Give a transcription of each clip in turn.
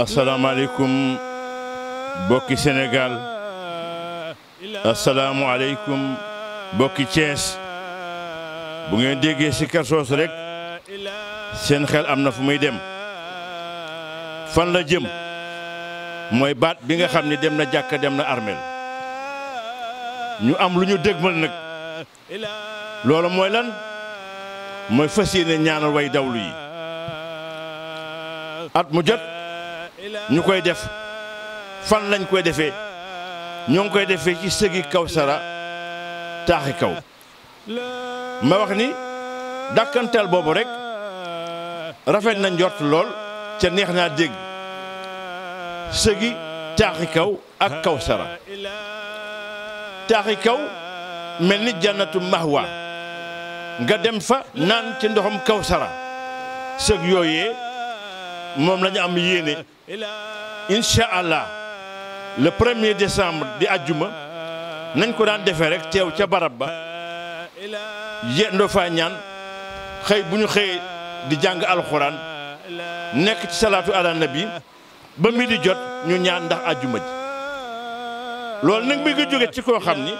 asalaamaaleykum bokki Sénégal asalaamualeykum bokki Thiès bu ngeen déggee si karsoos rek seen xel am na fu muy dem fan la jëm mooy baat bi nga xam ni dem na jàkk dem na armel ñu am lu ñu dégmal nag loolu mooy lan mooy fas yéene ñaanal way dawlu yi at mu jot ñu koy def fan lañ koy defee ñoo ngi koy defee ci kaw Kawsara taaxi kaw ma wax ni dàkkanteel boobu rek rafet na njort lool ca neex naa dégg sëgi taaxi kaw ak kaw Kawsara taaxi kaw mel ni jannatu mahwa nga dem fa naan ci ndoxam Kawsara sëg yooyee moom lañu am yéene incha allah le premier décembre di ajjuma nañ ko daan defee rek teew ca barab ba yendoo fa ñaan xëy bu ñu xëyee di jàng alxuraan nekk ci salaatu ala bi ba mi di jot ñu ñaan ndax ajjuma ji loolu nag mi ngi jóge ci koo xam ni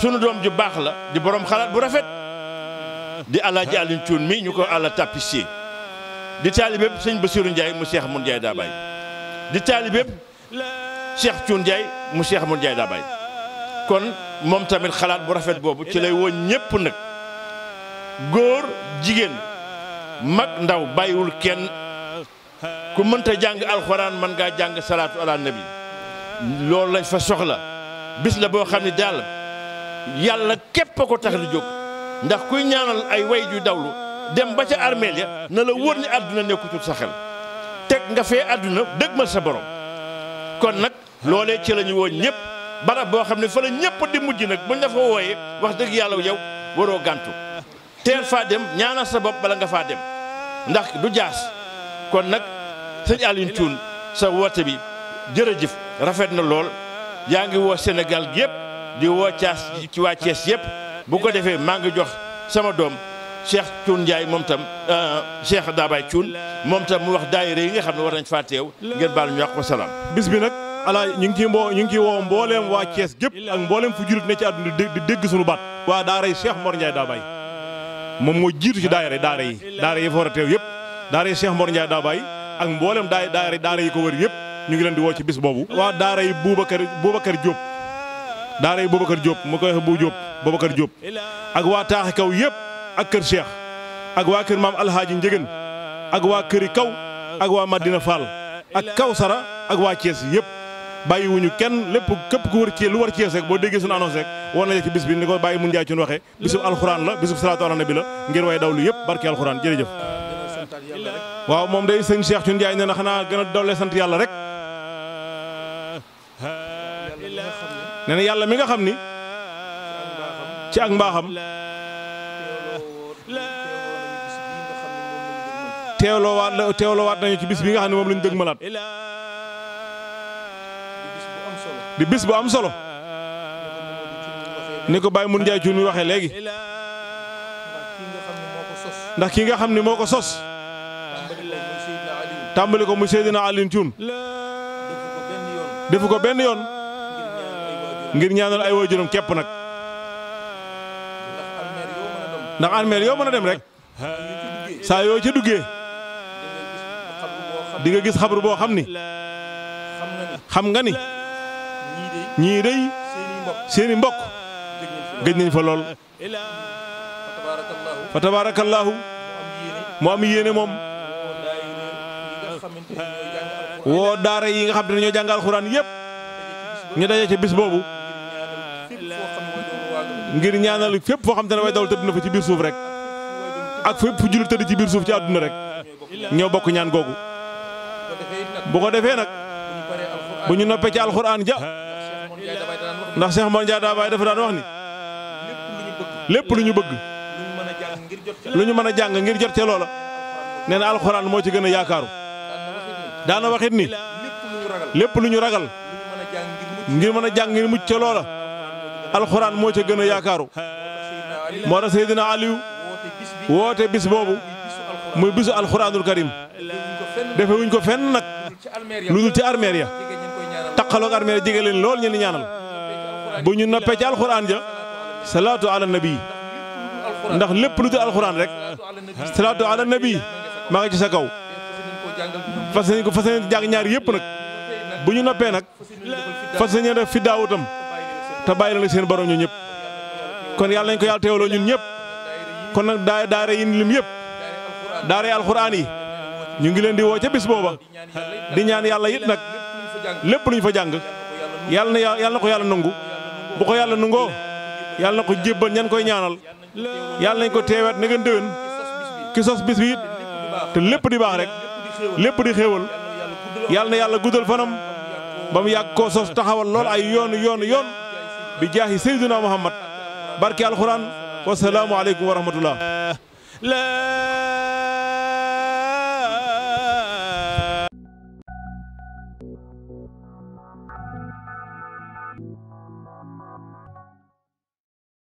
sunu doom ju baax la di borom xalaat bu rafet di alaaji Alioune Thioune mi ñu ko àlla tapissier di taalibeeb sëñ Bassirou Ndiaye mu Cheikh Amadou Ndiaye daa bàyyi di taalibeeb Cheikh Thioune Ndiaye mu Cheikh Amadou Ndiaye daa bàyyi kon moom tamit xalaat bu rafet boobu ci lay woo ñépp nag góor jigéen mag ndaw bàyyiwul kenn ku mënta jàng alxuraan mën ngaa jàng salaatu ala nabi loolu lañ fa soxla bis la boo xam ne daal yàlla képp a ko tax di jóg ndax kuy ñaanal ay way ju dawlu dem ba ca armeel ya na la wóor ni àdduna nekkutul sa xel teg nga fee àdduna dëgmal sa borom kon nag loolee ci la ñu woo ñëpp barab boo xam ne fa la ñëpp di mujj nag buñ la fa wooyee wax dëgg yàlla yow waroo gàntu teel faa dem ñaanal sa bopp bala nga faa dem ndax du jaas kon nag sëñ Alioune Thioune sa woote bi jërëjëf rafet na lool yaa ngi woo Sénégal yëpp di woo Thiès ci waa Thiès yëpp bu ko defee maa ngi jox sama doom Cheikh Thioune Ndiaye moom tam euh, Cheikh Daabay Thioune moom tam mu wax daayira yi nga xam ne war nañ faa teew ngeen baal ñu wax ko salaam bis bi nag ala ñu ngi ciy mboo ñu ngi ciy woo mbooleem waa Thiès gépp ak mbooleem fu jurit ne ci àdduna di dégg suñu baat waa daara yi Cheikh Mor Ndiaye Daabay moom moo jiitu ci daayira daara yi daara yi fa war a teew yëpp daara yi Cheikh Mor Ndiaye Daabay ak mbooleem daay daara daara yi ko wër yëpp ñu ngi leen di woo ci bis boobu waa daara yi Boubacar Boubacar Diop daara yi Boubacar Diop mu koy wax bu Diop Boubacar Diop ak waa taaxi kaw yëpp ak kër Cheikh ak waa kër maam Alhaaji Njëgën ak waa këri kaw ak waa Madina Fall ak kaw sara ak waa Thiès yëpp bàyyi wuñu kenn lépp képp ku wër Thiès lu war Thiès rek boo déggee suñu annonce rek war na la ci bis bi ni ko bàyyi mun njaay cun waxee bisub alxuraan la bisub salaatu ala nabi la ngir way dawlu yëpp barke alxuraan jërëjëf waaw moom day sëñ Cheikh cun njaay nee na xanaa gën a doolee sant yàlla rek nee na yàlla mi nga xam ni ci ak mbaaxam teewloowaat la nañu ci bis bi nga xam ne moom la ñu dëgmalaat di bis bu am solo ni ko Baye Mun Njaay ci mi waxee léegi ndax kii nga xam ne moo ko sos tàmbali ko mu Seydina Alioune Thioune defu ko benn yoon ngir ñaanal ay waajuram képp nag ndax armeel yoo mën a dem rek saa yoo ca duggee di nga gis xabru boo xam ni xam nga ni ñii day seeni mbokk gëj nañ fa lool fa tabaarakallaahu mu am yéene moom woo daara yi nga xam ne ñoo jàng alxuraan yépp ñu daje ci biis boobu ngir ñaanal fépp foo xam na ne way dawul tëdd na fa ci biir suuf rek ak fépp fu jullit tëdd ci biir suuf ci àdduna rek ñoo bokk ñaan googu bu ko defee nag bu ñu noppee ci alxuraan ja ndax Cheikh Mor Ndiaye Dabaye dafa daan wax ni lépp lu ñu bëgg lu ñu mën a jàng ngir jot ca loola nee na alxuraan moo ci gën a yaakaaru daana waxit ni lépp lu ñu ragal ngir mën a jàng ngir mucc ca loola alxuraan moo ci gën a yaakaaru moo tax Seydina woote bis boobu muy bisu alxuraanul karim defe ko fenn nag lu dul ci armeer ya taqaloog armeer jege leen lool ñu ni ñaanal bu ñu noppee ci alxuraan ja salaatu ala nabi ndax lépp lu dul alxuraan rek salaatu ala nabi maa ngi ci sa kaw fas nañ ko fas nañ jàng ñaar yëpp nag bu ñu noppee nag fas nañ def fi daawutam te bàyyi la seen borom ñu ñëpp kon yàlla nañ ko yàlla teewloo ñun ñëpp kon nag daa daara yi lim yëpp daara yi alxuraan yi ñu ngi leen di woo ca bis booba di ñaan yàlla it nag lépp lu ñu fa jàng yàlla na ya yàlla na ko yàlla nangu bu ko yàlla nangoo yàlla na ko jébbal ñan koy ñaanal yàlla nañ ko teewaat na ngeen déwén ki sos bis bi it te lépp di baax rek lépp di xéewal yàlla na yàlla guddal fanam ba mu yàgg koo sos taxawal lool ay yoon yoon yoon bi jaahi Seydina Muhammad barki alxuraan wasalaamu aleykum wa rahmatullah